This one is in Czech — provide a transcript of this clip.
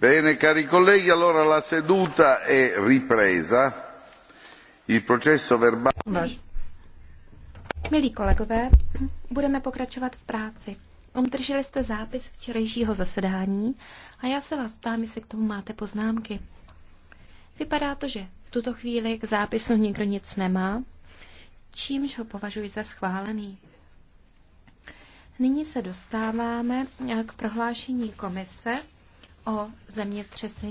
Bene, cari colleghi, allora la seduta è ripresa. Il processo verbale. Milí kolegové, budeme pokračovat v práci. Obdrželi jste zápis včerejšího zasedání a já se vás ptám, jestli k tomu máte poznámky. Vypadá to, že v tuto chvíli k zápisu nikdo nic nemá, čímž ho považuji za schválený. Nyní se dostáváme k prohlášení komise o zemětřesení.